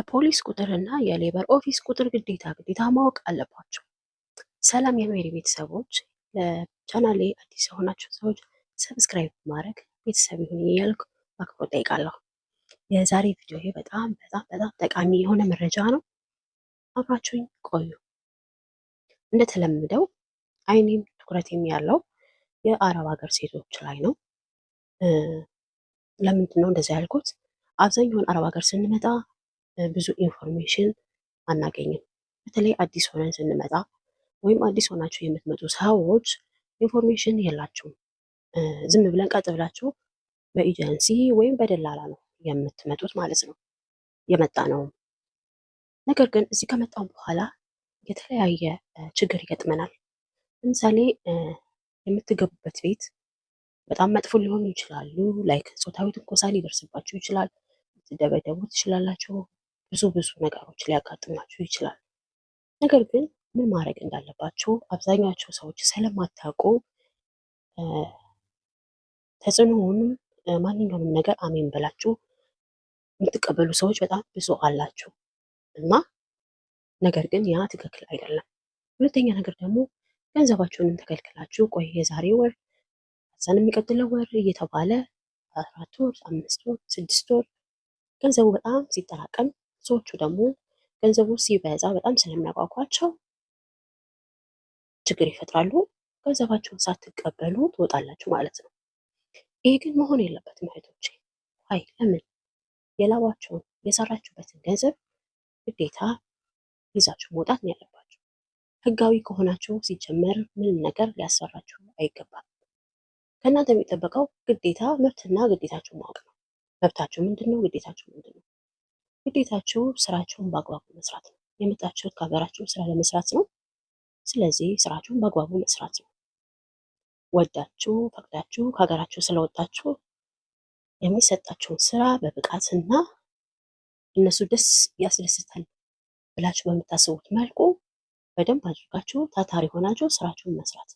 የፖሊስ ቁጥር እና የሌበር ኦፊስ ቁጥር ግዴታ ግዴታ ማወቅ አለባቸው። ሰላም የሜሪ ቤተሰቦች፣ ለቻናሌ አዲስ የሆናቸው ሰዎች ሰብስክራይብ ማድረግ ቤተሰብ ይሁን እያልኩ በአክብሮት ጠይቃለሁ። የዛሬ ቪዲዮ ይሄ በጣም በጣም በጣም ጠቃሚ የሆነ መረጃ ነው። አብራችሁኝ ቆዩ። እንደተለመደው አይኔም ትኩረቴም ያለው የአረብ ሀገር ሴቶች ላይ ነው። ለምንድን ነው እንደዚያ ያልኩት? አብዛኛውን አረብ ሀገር ስንመጣ ብዙ ኢንፎርሜሽን አናገኝም። በተለይ አዲስ ሆነን ስንመጣ ወይም አዲስ ሆናችሁ የምትመጡ ሰዎች ኢንፎርሜሽን የላችሁም። ዝም ብለን ቀጥ ብላችሁ በኤጀንሲ ወይም በደላላ ነው የምትመጡት ማለት ነው የመጣ ነው። ነገር ግን እዚህ ከመጣን በኋላ የተለያየ ችግር ይገጥመናል። ለምሳሌ የምትገቡበት ቤት በጣም መጥፎ ሊሆኑ ይችላሉ። ላይክ ጾታዊ ትንኮሳ ሊደርስባችሁ ይችላል። ልትደበደቡ ትችላላችሁ። ብዙ ብዙ ነገሮች ሊያጋጥማችሁ ይችላል። ነገር ግን ምን ማድረግ እንዳለባችሁ አብዛኛቸው ሰዎች ስለማታውቁ ተጽዕኖውንም ማንኛውንም ነገር አሜን ብላችሁ የምትቀበሉ ሰዎች በጣም ብዙ አላችሁ እና ነገር ግን ያ ትክክል አይደለም። ሁለተኛ ነገር ደግሞ ገንዘባችሁንም ተከልክላችሁ ቆይ የዛሬ ወር ከዛን የሚቀጥለው ወር እየተባለ አራት ወር፣ አምስት ወር፣ ስድስት ወር ገንዘቡ በጣም ሲጠራቀም ሰዎቹ ደግሞ ገንዘቡ ሲበዛ በጣም ስለሚያጓጓቸው ችግር ይፈጥራሉ። ገንዘባቸውን ሳትቀበሉ ትወጣላችሁ ማለት ነው። ይሄ ግን መሆን የለበትም እህቶቼ። አይ ለምን የላባቸውን የሰራችሁበትን ገንዘብ ግዴታ ይዛችሁ መውጣት ነው ያለባችሁ። ህጋዊ ከሆናችሁ ሲጀመር ምንም ነገር ሊያሰራችሁ አይገባም። ከእናንተ የሚጠበቀው ግዴታ መብትና ግዴታችሁ ማወቅ ነው። መብታችሁ ምንድን ነው? ግዴታችሁ ምንድን ነው? ግዴታችሁ ስራችሁን በአግባቡ መስራት ነው። የመጣችሁት ከሀገራችሁ ስራ ለመስራት ነው። ስለዚህ ስራችሁን በአግባቡ መስራት ነው። ወዳችሁ ፈቅዳችሁ ከሀገራችሁ ስለወጣችሁ የሚሰጣችሁን ስራ በብቃትና እነሱ ደስ ያስደስታል ብላችሁ በምታስቡት መልኩ በደንብ አድርጋችሁ ታታሪ ሆናችሁ ስራችሁን መስራት።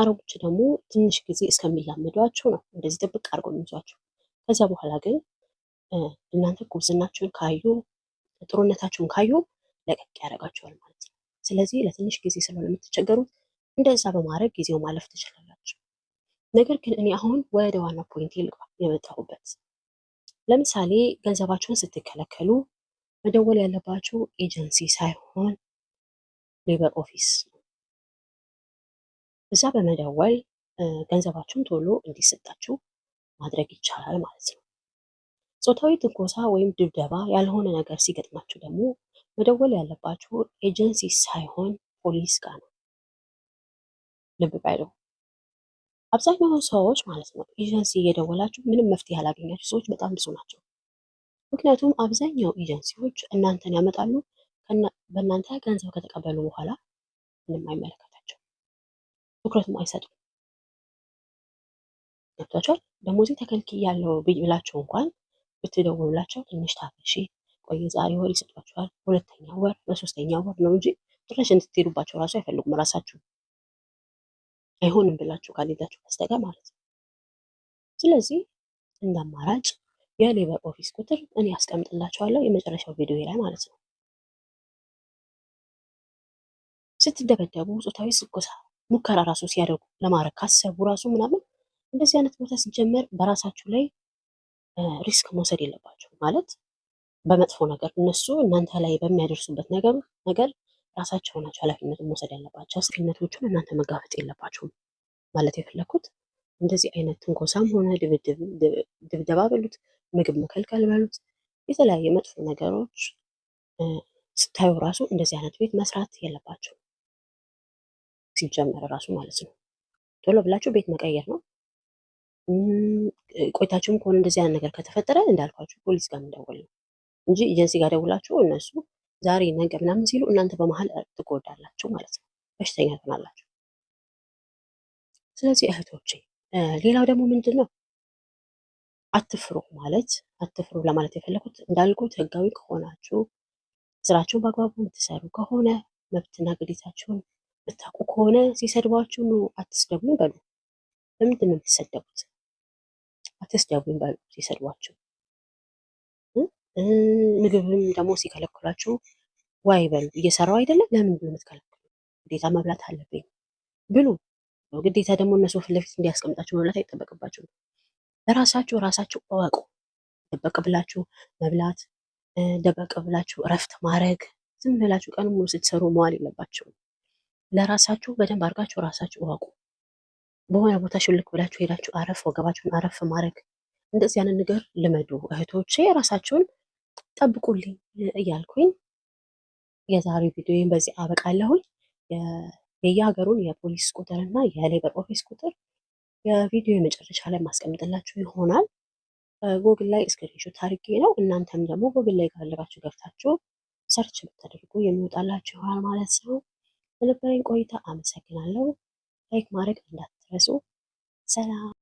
አረቦች ደግሞ ትንሽ ጊዜ እስከሚላመዷቸው ነው እንደዚህ ጥብቅ አድርገው የሚይዟችሁ። ከዚያ በኋላ ግን እናንተ ጉብዝናችሁን ካዩ ጥሩነታችሁን ካዩ ለቀቅ ያደርጋችኋል ማለት ነው። ስለዚህ ለትንሽ ጊዜ ስለሆነ የምትቸገሩት እንደዛ በማድረግ ጊዜው ማለፍ ትችላላችሁ። ነገር ግን እኔ አሁን ወደ ዋና ፖይንት ልግባ የመጣሁበት። ለምሳሌ ገንዘባችሁን ስትከለከሉ መደወል ያለባችሁ ኤጀንሲ ሳይሆን ሌበር ኦፊስ እዛ በመደወል ገንዘባችሁን ቶሎ እንዲሰጣችሁ ማድረግ ይቻላል ማለት ነው። ጾታዊ ትንኮሳ ወይም ድብደባ ያልሆነ ነገር ሲገጥማችሁ ደግሞ መደወል ያለባችሁ ኤጀንሲ ሳይሆን ፖሊስ ጋር ነው። ልብ በሉ። አብዛኛውን ሰዎች ማለት ነው ኤጀንሲ እየደወላችሁ ምንም መፍትሄ ያላገኛችሁ ሰዎች በጣም ብዙ ናቸው። ምክንያቱም አብዛኛው ኤጀንሲዎች እናንተን ያመጣሉ። በእናንተ ገንዘብ ከተቀበሉ በኋላ ምንም አይመለከታቸው፣ ትኩረትም አይሰጡም። ገብቷቸዋል። ደሞዜ ተከልክ ያለው ብላቸው እንኳን ብትደውሉላቸው ትንሽ ታገሺ ቆይ ዛሬ ወር ይሰጧቸዋል። ሁለተኛ ወር በሶስተኛ ወር ነው እንጂ ድረሽ እንድትሄዱባቸው ራሱ አይፈልጉም። ራሳችሁ አይሆንም ብላችሁ ካልሄዳችሁ በስተቀር ማለት ነው። ስለዚህ እንደ አማራጭ የሌበር ኦፊስ ቁጥር እኔ ያስቀምጥላቸዋለሁ የመጨረሻው ቪዲዮ ላይ ማለት ነው። ስትደበደቡ ጾታዊ ስጎሳ ሙከራ ራሱ ሲያደርጉ ለማድረግ ካሰቡ ራሱ ምናምን እንደዚህ አይነት ቦታ ሲጀመር በራሳችሁ ላይ ሪስክ መውሰድ የለባቸው ማለት በመጥፎ ነገር እነሱ እናንተ ላይ በሚያደርሱበት ነገር ነገር ራሳቸው ናቸው ኃላፊነቱን መውሰድ ያለባቸው። አስኪነቶቹን እናንተ መጋፈጥ የለባቸውም ማለት የፈለግኩት እንደዚህ አይነት ትንኮሳም ሆነ ድብደባ በሉት፣ ምግብ መከልከል በሉት፣ የተለያየ መጥፎ ነገሮች ስታዩ ራሱ እንደዚህ አይነት ቤት መስራት የለባቸው ሲጀመር ራሱ ማለት ነው። ቶሎ ብላችሁ ቤት መቀየር ነው። ቆይታችሁም ከሆነ እንደዚህ አይነት ነገር ከተፈጠረ እንዳልኳችሁ ፖሊስ ጋር እንደውል ነው እንጂ ኤጀንሲ ጋር ደውላችሁ እነሱ ዛሬ ነገ ምናምን ሲሉ እናንተ በመሀል ትጎዳላችሁ ማለት ነው፣ በሽተኛ ትሆናላችሁ። ስለዚህ እህቶቼ ሌላው ደግሞ ምንድን ነው አትፍሩ ማለት አትፍሩ ለማለት የፈለኩት እንዳልኩት ህጋዊ ከሆናችሁ ስራችሁን በአግባቡ የምትሰሩ ከሆነ መብትና ግዴታችሁን የምታውቁ ከሆነ ሲሰድቧችሁ አትስደቡ በሉ። በምንድን ነው የምትሰደቡት? አትስደቡኝ ባሉ ሲሰድቧችሁ፣ ምግብም ደግሞ ሲከለክሏችሁ ዋይ በሉ። እየሰራው አይደለም ለምን ብሎ የምትከለክሉ ግዴታ መብላት አለብኝ ብሉ። ግዴታ ደግሞ እነሱ ፊት ለፊት እንዲያስቀምጣችሁ መብላት አይጠበቅባችሁ። ራሳችሁ ራሳችሁ እወቁ። ደበቅ ብላችሁ መብላት፣ ደበቅ ብላችሁ እረፍት ማድረግ፣ ዝም ብላችሁ ቀን ሙሉ ስትሰሩ መዋል የለባችሁም። ለራሳችሁ በደንብ አድርጋችሁ ራሳችሁ እወቁ። በሆነ ቦታ ሽልክ ብላችሁ ሄዳችሁ አረፍ ወገባችሁን አረፍ ማድረግ እንደዚህ ያንን ነገር ልመዱ እህቶቼ፣ ራሳችሁን ጠብቁልኝ እያልኩኝ የዛሬው ቪዲዮ በዚህ አበቃለሁኝ። የየሀገሩን የፖሊስ ቁጥር እና የሌበር ኦፊስ ቁጥር የቪዲዮ የመጨረሻ ላይ ማስቀምጥላችሁ ይሆናል። ጉግል ላይ ስክሪንሾት አድርጌ ነው። እናንተም ደግሞ ጉግል ላይ ካለባችሁ ገብታችሁ ሰርች ብታደርጉ የሚወጣላችሁ ይሆናል ማለት ነው። ለነበረኝ ቆይታ አመሰግናለሁ። ላይክ ማድረግ እንዳት ድረሱ። ሰላም